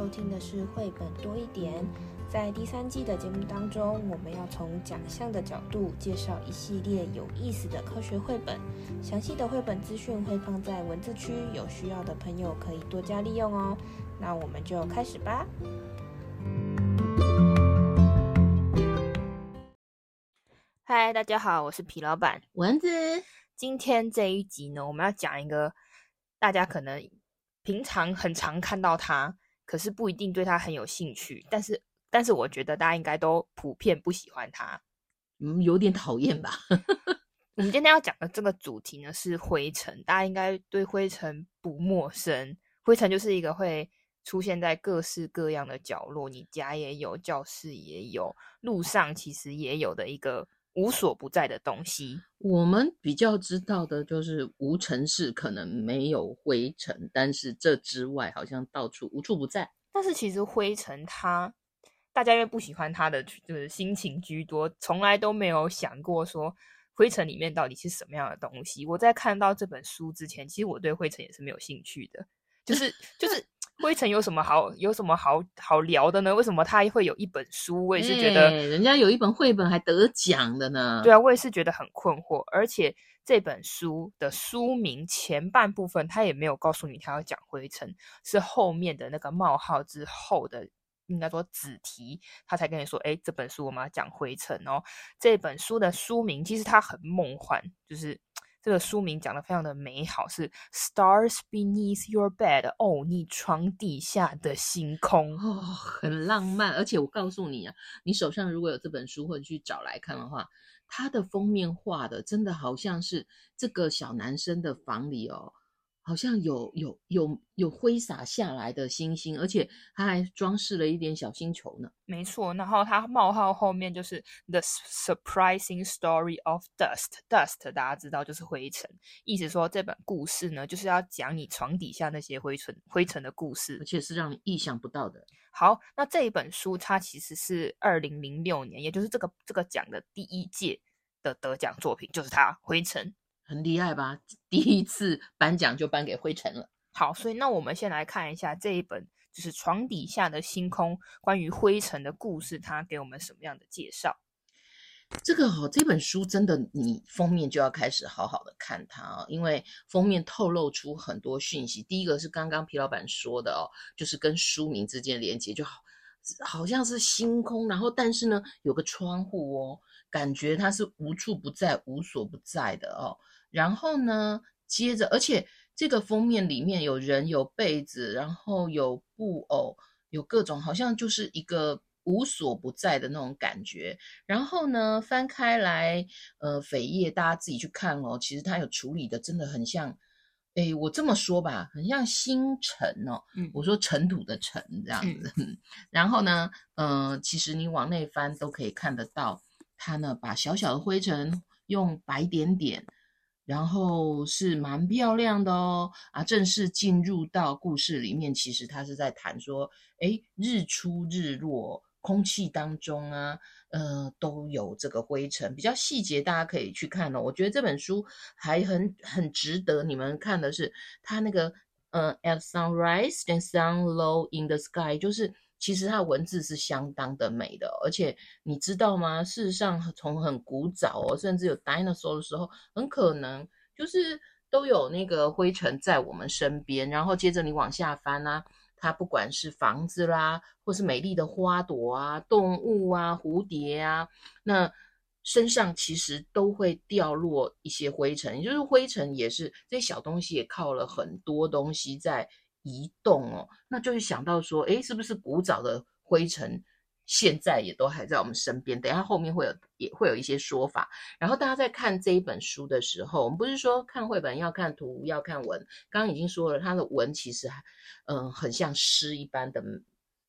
收聽的是繪本多一點，在第三季的節目當中，我們要從獎項的角度介紹一系列有意思的科學繪本。詳細的繪本資訊會放在文字區，有需要的朋友可以多加利用哦。那我們就開始吧。嗨，大家好，我是皮老板，蚊子。今天這一集呢，我們要講一個大家可能平常很常看到它。可是不一定對他很有興趣，但是但是我覺得大家應該都普遍不喜歡他，嗯，有點討厭吧。我 們今天要講的這個主題呢，是灰塵，大家應該對灰塵不陌生。灰塵就是一個會出現在各式各樣的角落，你家也有，教室也有，路上其實也有的一個。無所不在的東西，我們比較知道的就是無塵室可能沒有灰塵，但是這之外好像到處無處不在。但是其實灰塵它，大家因為不喜歡它的就是心情居多，從來都沒有想過說灰塵裡面到底是什麼樣的東西。我在看到這本書之前，其實我對灰塵也是沒有興趣的。就是就是灰塵有什麼好有什麼好好聊的呢？為什麼他會有一本書？我也是覺得，人家有一本繪本還得獎的呢。對啊，我也是覺得很困惑。而且這本書的書名前半部分他也沒有告訴你他要講灰塵，是後面的那個冒號之後的，應該說子題他才跟你說，誒，這本書我們要講灰塵哦。這本書的書名其實他很夢幻，就是。這個書名講得非常的美好，是 Stars Beneath Your Bed，哦，你床底下的星空哦，很浪漫。而且我告訴你啊，你手上如果有這本書，或者去找來看的話，嗯，它的封面畫的真的好像是這個小男生的房裡哦。好像有有有有揮灑下來的星星，而且它還裝飾了一點小星球呢。沒錯，然後它冒號後面就是 The Surprising Story of Dust。Dust 大家知道就是灰塵，意思說這本故事呢就是要講你床底下那些灰塵灰塵的故事，而且是讓你意想不到的。好，那這一本書它其實是二零零六年，也就是這個這個獎的第一屆的得獎作品，就是它灰塵。很厲害吧？第一次頒獎就頒給灰塵了。好，所以那我們先來看一下這一本，就是《床底下的星空》，關於灰塵的故事，它給我們什麼樣的介紹？這個哦，這本書真的，你封面就要開始好好的看它啊，哦，因為封面透露出很多訊息。第一個是剛剛皮老板說的哦，就是跟書名之間連接就好，好像是星空，然後但是呢，有個窗戶哦，感覺它是無處不在、無所不在的哦。然後呢，接着，而且這個封面裡面有人、有被子，然後有布偶，有各種，好像就是一個無所不在的那種感覺。然後呢，翻開來，呃，扉頁大家自己去看哦。其實它有處理的，真的很像，哎，我這麼說吧，很像星辰哦。我說塵土的塵這樣子。嗯、然後呢，嗯、呃，其實你往內翻都可以看得到，它呢，把小小的灰塵用白點點。然後是蠻漂亮的哦。啊，正式進入到故事裡面，其實他是在談說，誒，日出日落，空氣當中啊，呃，都有這個灰塵，比較細節，大家可以去看哦。我覺得這本書還很很值得你們看的是，他那個呃，at sunrise and sun low in the sky，就是。其實它的文字是相當的美的，而且你知道嗎？事實上，從很古早哦，甚至有 dinosaur 的時候，很可能就是都有那個灰塵在我們身邊。然後接着你往下翻啊，它不管是房子啦，或是美麗的花朵啊、動物啊、蝴蝶啊，那身上其實都會掉落一些灰塵，也就是灰塵也是這些小東西，也靠了很多東西在。移動哦，那就是想到說，哎，是不是古早的灰塵現在也都還在我們身邊？等一下後面會有也會有一些說法。然後大家在看這一本書的時候，我們不是說看繪本要看圖要看文，剛剛已經說了，它的文其實嗯，呃，很像詩一般的，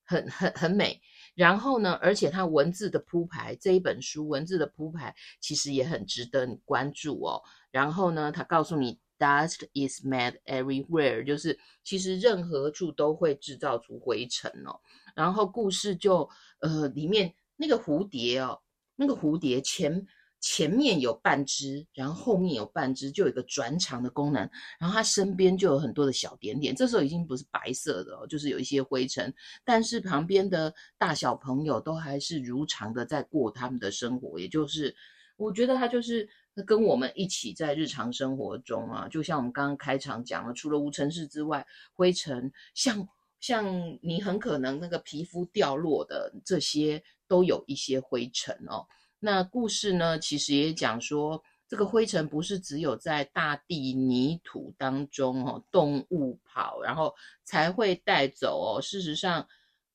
很很很美。然後呢，而且它文字的鋪排，這一本書文字的鋪排其實也很值得你關注哦。然後呢，它告訴你。Dust is made everywhere，就是其實任何處都會制造出灰塵哦。然後故事就呃，裡面那個蝴蝶哦，那個蝴蝶前前面有半隻，然後後面有半隻，就有一個轉場的功能。然後它身邊就有很多的小點點，這時候已經不是白色的哦，就是有一些灰塵。但是旁邊的大小朋友都還是如常的在過他們的生活，也就是我覺得它就是。那跟我們一起在日常生活中啊，就像我們剛剛開場講了，除了無塵室之外，灰塵像像你很可能那個皮膚掉落的這些都有一些灰塵哦。那故事呢，其實也講說這個灰塵不是只有在大地泥土當中哦，動物跑然後才會帶走哦。事實上，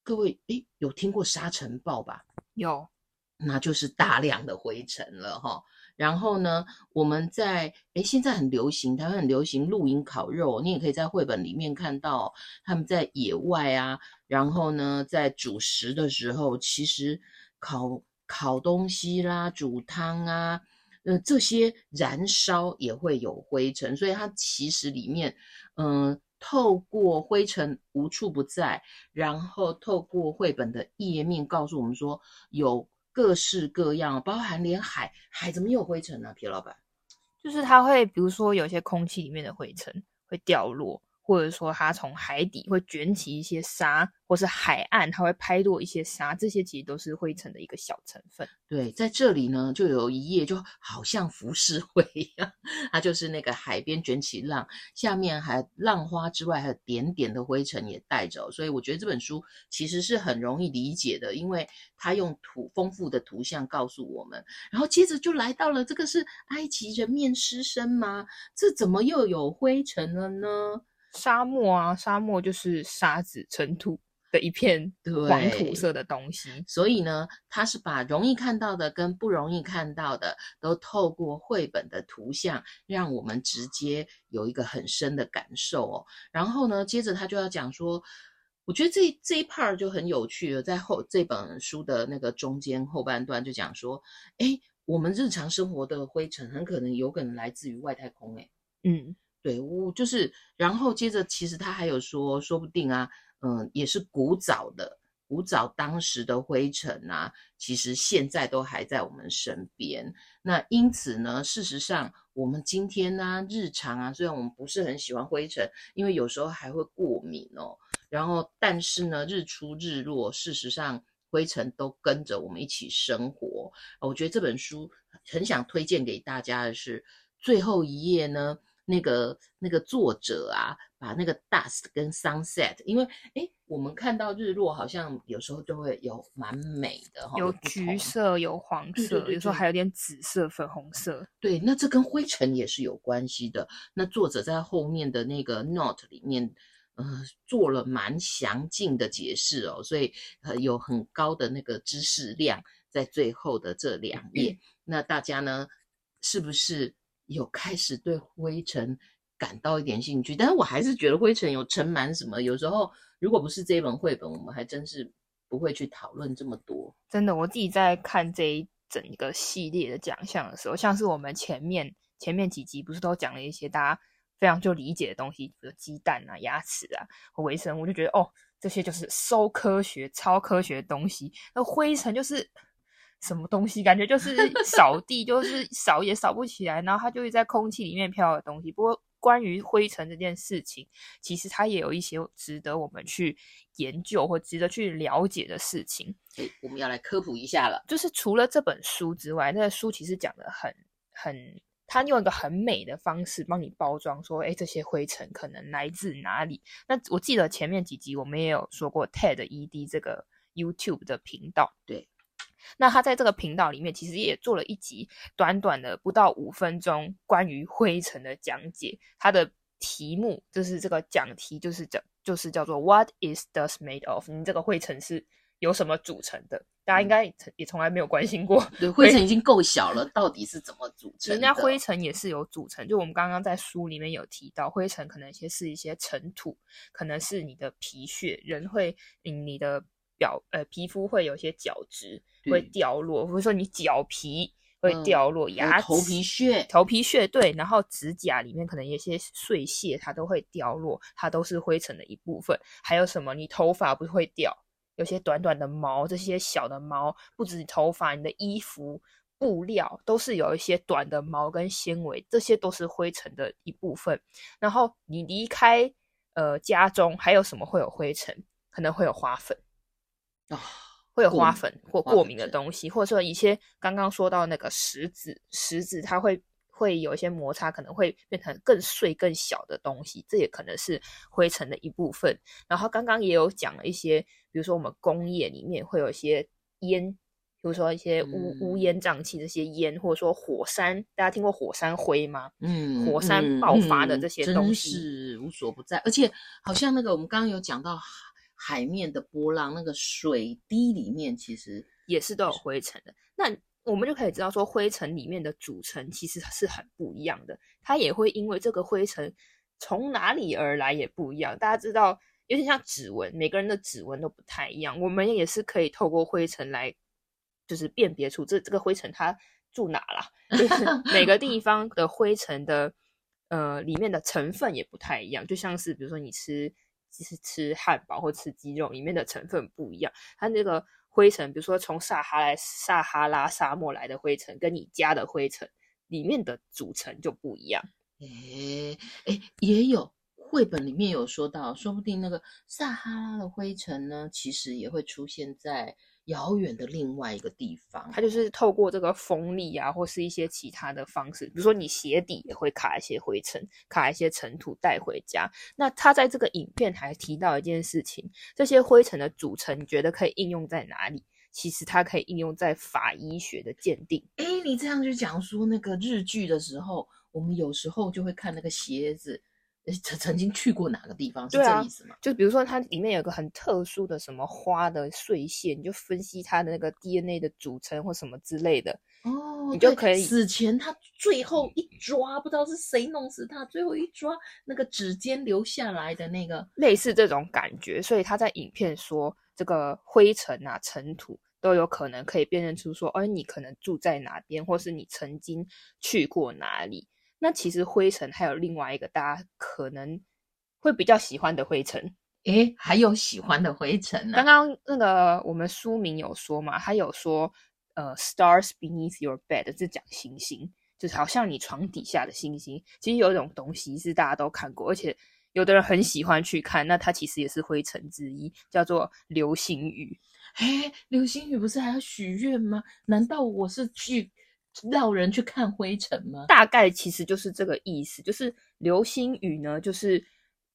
各位，誒，有聽過沙塵暴吧？有。那就是大量的灰塵了哈。然後呢，我們在誒，現在很流行，它很流行露營烤肉。你也可以在繪本裡面看到他們在野外啊。然後呢，在煮食的時候，其實烤烤東西啦，煮湯啊，呃這些燃燒也會有灰塵。所以它其實裡面，嗯、呃，透過灰塵無處不在。然後透過繪本的頁面告訴我們說有。各式各樣，包含連海。海怎麼有灰塵呢？皮老闆，就是它會，比如說有些空氣裡面的灰塵會掉落。或者說，它從海底會捲起一些沙，或是海岸它會拍落一些沙，這些其實都是灰塵的一個小成分。對，在這裡呢，就有一頁就好像浮世繪一樣，它就是那個海邊捲起浪，下面還浪花之外還有點點的灰塵也帶走。所以我覺得這本書其實是很容易理解的，因為它用圖豐富的圖像告訴我們。然後接着就來到了，這個是埃及人面獅身嗎？這怎麼又有灰塵了呢？沙漠啊，沙漠就是沙子、塵土的一片對，黃土色的東西。所以呢，他是把容易看到的跟不容易看到的都透過繪本的圖像，讓我們直接有一個很深的感受哦。然後呢，接着他就要講說，我覺得這這一 part 就很有趣了，在後這本書的那個中間後半段就講說，誒，我們日常生活的灰塵很可能有可能來自於外太空誒。嗯。對，屋，就是。然後接着，其實他還有說，說不定啊，嗯，也是古早的，古早當時的灰塵啊，其實現在都還在我們身邊。那因此呢，事實上，我們今天呢、啊，日常啊，雖然我們不是很喜歡灰塵，因為有時候還會過敏哦。然後，但是呢，日出日落，事實上灰塵都跟着我們一起生活。我覺得這本書很想推薦給大家的是最後一頁呢。那個那個作者啊，把那個 dust 跟 sunset，因為哎，我們看到日落好像有時候就會有蠻美的哈，有橘、哦、有橘色、有黃色，比如說還有點紫色、粉紅色。對，那這跟灰塵也是有關係的。那作者在後面的那個 note 裡面，呃，做了蠻詳盡的解釋哦，所以呃，有很高的那個知識量在最後的這兩頁。嗯、那大家呢，是不是？有開始對灰塵感到一點興趣，但是我還是覺得灰塵有塵蟎什麼。有時候，如果不是這一本繪本，我們還真是不會去討論這麼多。真的，我自己在看這一整個系列的獎項的時候，像是我們前面前面幾集不是都講了一些大家非常就理解的東西，比如雞蛋啊、牙齒啊、微生物，我就覺得哦，這些就是收科學、超科學的東西，那灰塵就是。什麼東西感覺就是掃地， 就是掃也掃不起來，然後它就會在空氣裡面飄的東西。不過關於灰塵這件事情，其實它也有一些值得我們去研究或值得去了解的事情。哎，我們要來科普一下了。就是除了這本書之外，那個書其實講的很很，他用一個很美的方式幫你包裝說，說哎，這些灰塵可能來自哪裡。那我記得前面幾集我們也有說過 TED-Ed 這個 YouTube 的頻道，對。那他在這個頻道裡面其實也做了一集，短短的不到五分鐘，關於灰塵的講解。他的題目就是這個講題，就是講就是叫做 "What is dust made of？"，你這個灰塵是由什麼組成的？大家應該也從來沒有關心過。對，灰塵已經夠小了，到底是怎麼組成？人家灰塵也是有組成，就我們剛剛在書裡面有提到，灰塵可能一些是一些塵土，可能是你的皮屑，人會你的。表呃，皮膚會有些角質會掉落，對比如說你腳皮會掉落，嗯、牙齒頭皮屑頭皮屑對，然後指甲裡面可能有些碎屑，它都會掉落，它都是灰塵的一部分。還有什麼？你頭髮不是會掉，有些短短的毛，這些小的毛，不止你頭髮，你的衣服布料都是有一些短的毛跟纖維，這些都是灰塵的一部分。然後你離開呃家中，還有什麼會有灰塵？可能會有花粉。啊，會有、哦、花粉或過敏的東西，或者說一些剛剛說到那個石子。石子它會會有一些摩擦，可能會變成更碎、更小的東西，這也可能是灰塵的一部分。然後剛剛也有講了一些，比如說我們工業裡面會有一些煙，比如說一些烏烏煙瘴氣，這些煙，或者說火山，大家聽過火山灰嗎？嗯，火山爆發的這些東西，嗯嗯，真是無所不在。而且好像那個我們剛剛有講到。海面的波浪，那個水滴裡面其實也是都有灰塵的。那我們就可以知道說灰塵裡面的組成其實是很不一樣的。它也會因為這個灰塵從哪裡而來也不一樣。大家知道有點像指紋，每個人的指紋都不太一樣。我們也是可以透過灰塵來，就是辨別出這這個灰塵它住哪啦啊，就是每個地方的灰塵的， 呃，裡面的成分也不太一樣。就像是比如說你吃。其實吃漢堡或吃雞肉，裡面的成分不一樣。它那個灰塵，比如說從撒哈拉撒哈拉沙漠來的灰塵，跟你家的灰塵裡面的組成就不一樣。誒、欸，誒、欸，也有。繪本裡面有說到，說不定那個撒哈拉的灰塵呢，其實也會出現在遙遠的另外一個地方。它就是透過這個風力啊，或是一些其他的方式，比如說你鞋底也會卡一些灰塵，卡一些塵土帶回家。那它在這個影片還提到一件事情，這些灰塵的組成，你覺得可以應用在哪裡？其實它可以應用在法醫學的鑑定。誒，你這樣去講說那個日劇的時候，我們有時候就會看那個鞋子。曾曾經去過哪個地方，是這個意思嗎、啊？就比如說它裡面有一個很特殊的什麼花的碎屑，你就分析它的那個 DNA 的組成或什麼之類的。哦，你就可以死前他最後一抓，不知道是誰弄死他，最後一抓那個指尖留下來的那個類似這種感覺。所以他在影片說，這個灰塵啊、塵土都有可能可以辨認出，說，哎、哦，你可能住在哪邊，或是你曾經去過哪裡。那其實灰塵還有另外一個大家可能會比較喜歡的灰塵，誒，還有喜歡的灰塵呢、啊。剛剛那個我們書名有說嘛，他有說呃，Stars Beneath Your Bed 是講星星，就是好像你床底下的星星。其實有一種東西是大家都看過，而且有的人很喜歡去看。那它其實也是灰塵之一，叫做流星雨。誒，流星雨不是還要許願嗎？難道我是去讓人去看灰塵嗎？大概其實就是這個意思，就是流星雨呢，就是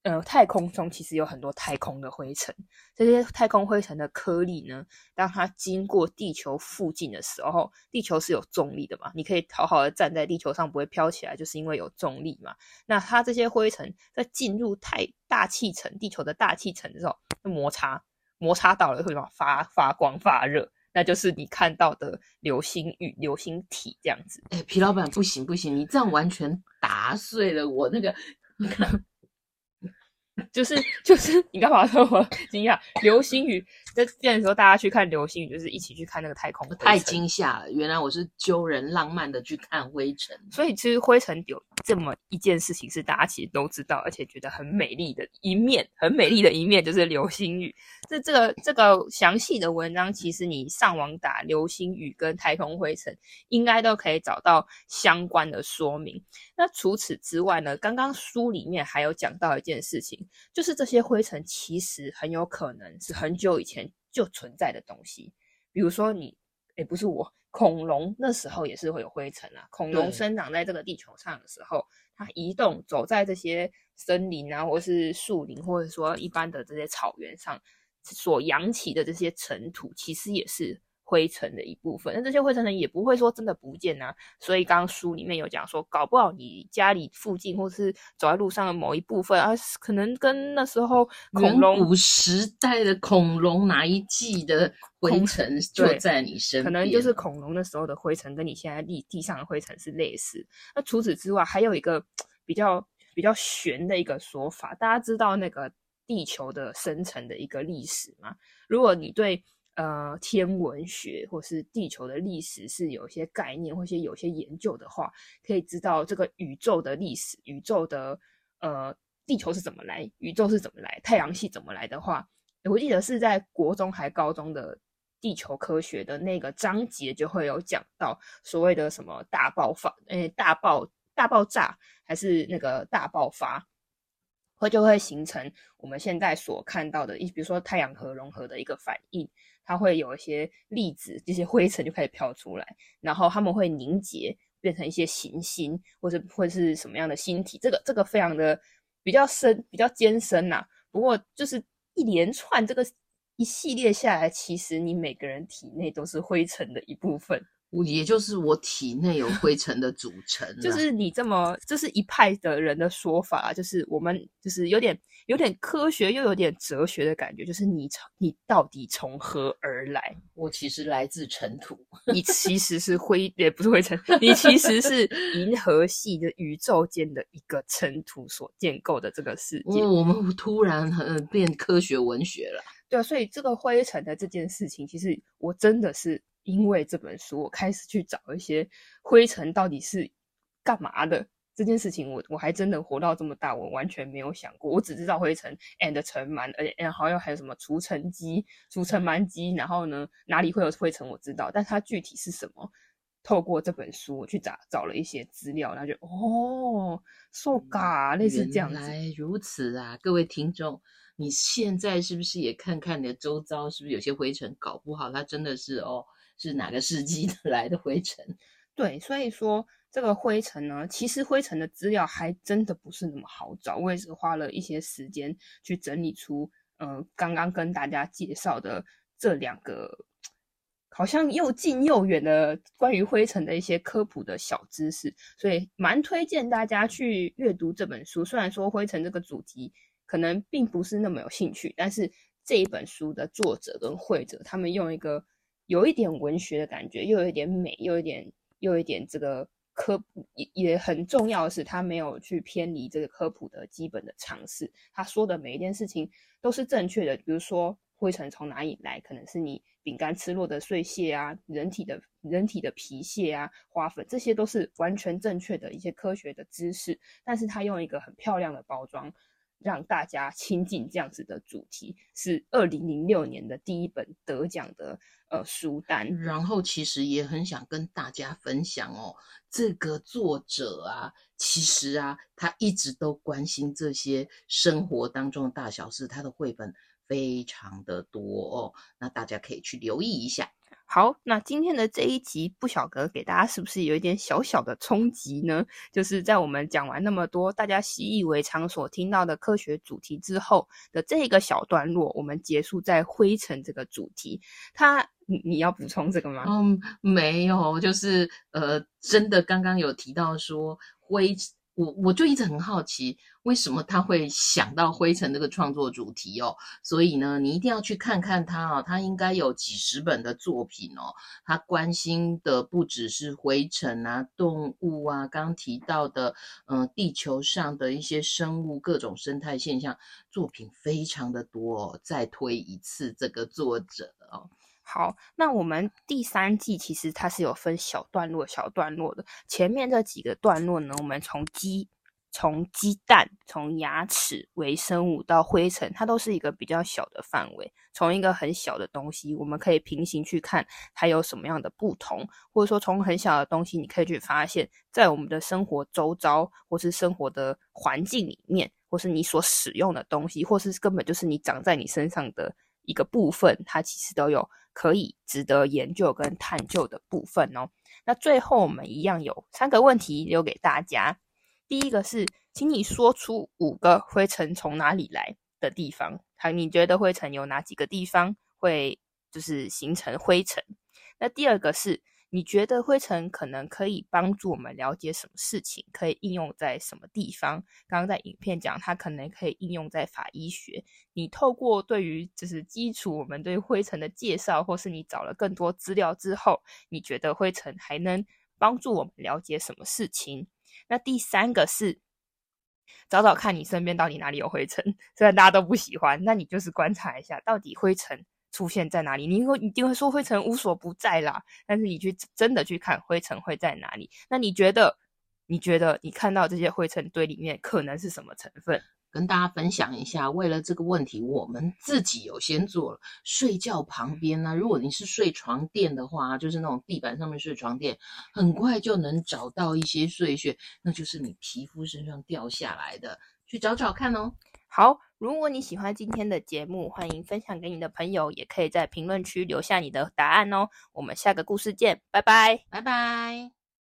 呃，太空中其實有很多太空的灰塵，這些太空灰塵的顆粒呢，當它經過地球附近的時候，地球是有重力的嘛，你可以好好的站在地球上不會飄起來，就是因為有重力嘛。那它這些灰塵在進入太大氣層，地球的大氣層的時候摩擦，摩擦到了會發發光發熱。那就是你看到的流星雨，流星體這樣子。哎、欸，皮老板，不行不行，你這樣完全打碎了我那個，你看， 就是，就是就是， 你幹嘛說我驚訝？流星雨。在變的時候，大家去看流星雨，就是一起去看那個太空灰塵。太驚嚇了。原來我是揪人浪漫的去看灰塵，所以其實灰塵有這麼一件事情，是大家其實都知道，而且覺得很美麗的一面，很美麗的一面就是流星雨。這這個這個詳細的文章，其實你上網打流星雨跟太空灰塵，應該都可以找到相關的說明。那除此之外呢，剛剛書裡面還有講到一件事情，就是這些灰塵其實很有可能是很久以前就存在的東西，比如說你，誒、欸、不是我，恐龍那時候也是會有灰塵啊。恐龍生長在這個地球上的時候，對它移動，走在這些森林啊，或是樹林，或者說一般的這些草原上，所揚起的這些塵土，其實也是。灰塵的一部分，那這些灰塵呢也不會說真的不見啊。所以剛剛書裡面有講說，搞不好你家裡附近或是走在路上的某一部分，啊，可能跟那時候恐龍古時代的恐龍哪一季的灰塵就在你身邊。可能就是恐龍那時候的灰塵跟你現在地地上的灰塵是類似。那除此之外，還有一個比較比較玄的一個說法，大家知道那個地球的生成的一個歷史嗎？如果你對。呃，天文學或是地球的歷史是有一些概念，或是有些研究的話，可以知道這個宇宙的歷史，宇宙的呃地球是怎麼來，宇宙是怎麼來，太陽系怎麼來的話，我記得是在國中還高中的地球科學的那個章節就會有講到所謂的什麼大爆發，誒、哎、大爆大爆炸還是那個大爆發，它就會形成我們現在所看到的一，比如說太陽核融合的一個反應，它會有一些粒子，這些灰塵就開始飄出來，然後它們會凝結，變成一些行星，或者會是什麼樣的星體。這個這個非常的比較深，比較艱深吶、啊，不過就是一連串這個一系列下來，其實你每個人體內都是灰塵的一部分。我也就是我體內有灰塵的組成，就是你這麼，這是一派的人的說法、啊，就是我們就是有點有點科學又有點哲學的感覺，就是你從你到底從何而來？我其實來自塵土，你其實是灰， 也不是灰塵，你其實是銀河系的宇宙間的一個塵土所建構的這個世界。我，我們突然很，很變科學文學了，對啊，所以這個灰塵的這件事情，其實我真的是。因為這本書，我開始去找一些灰塵到底是幹嘛的這件事情我，我我還真的活到這麼大，我完全沒有想過。我只知道灰塵 and 的塵蟎，而且然後又還有什麼除塵機、除塵蟎機。然後呢，哪裡會有灰塵？我知道，但它具體是什麼？透過這本書，我去找找了一些資料，然後就哦、受卡、啊、類似這樣子。原來如此啊，各位聽眾，你現在是不是也看看你的周遭，是不是有些灰塵？搞不好它真的是哦。是哪個世紀的來的灰塵？對，所以說這個灰塵呢，其實灰塵的資料還真的不是那麼好找。我也是花了一些時間去整理出，呃，剛剛跟大家介紹的這兩個好像又近又遠的關於灰塵的一些科普的小知識，所以蠻推薦大家去閱讀這本書。雖然說灰塵這個主題可能並不是那麼有興趣，但是這一本書的作者跟繪者他們用一個。有一點文學的感覺，又有一點美，又有一點又有一點這個科普也也很重要的是，它沒有去偏離這個科普的基本的常識。他說的每一件事情都是正確的，比如說灰塵從哪裡來，可能是你餅乾吃落的碎屑啊，人體的人體的皮屑啊，花粉，這些都是完全正確的一些科學的知識。但是它用一個很漂亮的包裝。讓大家親近這樣子的主題，是二零零六年的第一本得獎的，呃，書單。然後其實也很想跟大家分享哦，這個作者啊，其實啊，他一直都關心這些生活當中的大小事，他的繪本非常的多哦，那大家可以去留意一下。好，那今天的這一集，不曉得給大家是不是有一點小小的衝擊呢？就是在我們講完那麼多大家習以為常所聽到的科學主題之後的這個小段落，我們結束在灰塵這個主題。它，你，你要補充這個嗎？嗯，沒有，就是呃，真的剛剛有提到說灰。我我就一直很好奇，為什麼他會想到灰塵這個創作主題哦？所以呢，你一定要去看看他哦，他應該有幾十本的作品哦。他關心的不只是灰塵啊、動物啊，剛提到的，嗯，地球上的一些生物、各種生態現象，作品非常的多哦。再推一次這個作者哦。好，那我們第三季其實它是有分小段落、小段落的。前面這幾個段落呢，我們從雞、從雞蛋、從牙齒、微生物到灰塵，它都是一個比較小的範圍。從一個很小的東西，我們可以平行去看它有什麼樣的不同，或者說從很小的東西，你可以去發現，在我們的生活周遭，或是生活的環境裡面，或是你所使用的東西，或是根本就是你長在你身上的一個部分，它其實都有。可以值得研究跟探究的部分哦。那最後我們一樣有三個問題留給大家。第一個是，請你說出五個灰塵從哪裡來的地方。好，你覺得灰塵有哪幾個地方會就是形成灰塵？那第二個是。你覺得灰塵可能可以幫助我們了解什麼事情，可以應用在什麼地方？剛剛在影片講，它可能可以應用在法醫學。你透過對於就是基礎我們對灰塵的介紹，或是你找了更多資料之後，你覺得灰塵還能幫助我們了解什麼事情？那第三個是，找找看你身邊到底哪裡有灰塵，雖然大家都不喜歡，那你就是觀察一下到底灰塵。出現在哪裡？你會一定會說灰塵無所不在啦。但是你去真的去看灰塵會在哪裡？那你覺得，你覺得你看到這些灰塵堆裡面可能是什麼成分？跟大家分享一下。為了這個問題，我們自己有先做了。睡覺旁邊呢、啊？如果你是睡床墊的話，就是那種地板上面睡床墊，很快就能找到一些碎屑，那就是你皮膚身上掉下來的。去找找看哦。好。如果你喜歡今天的節目，歡迎分享給你的朋友，也可以在評論區留下你的答案哦。我們下個故事見，拜拜，拜拜。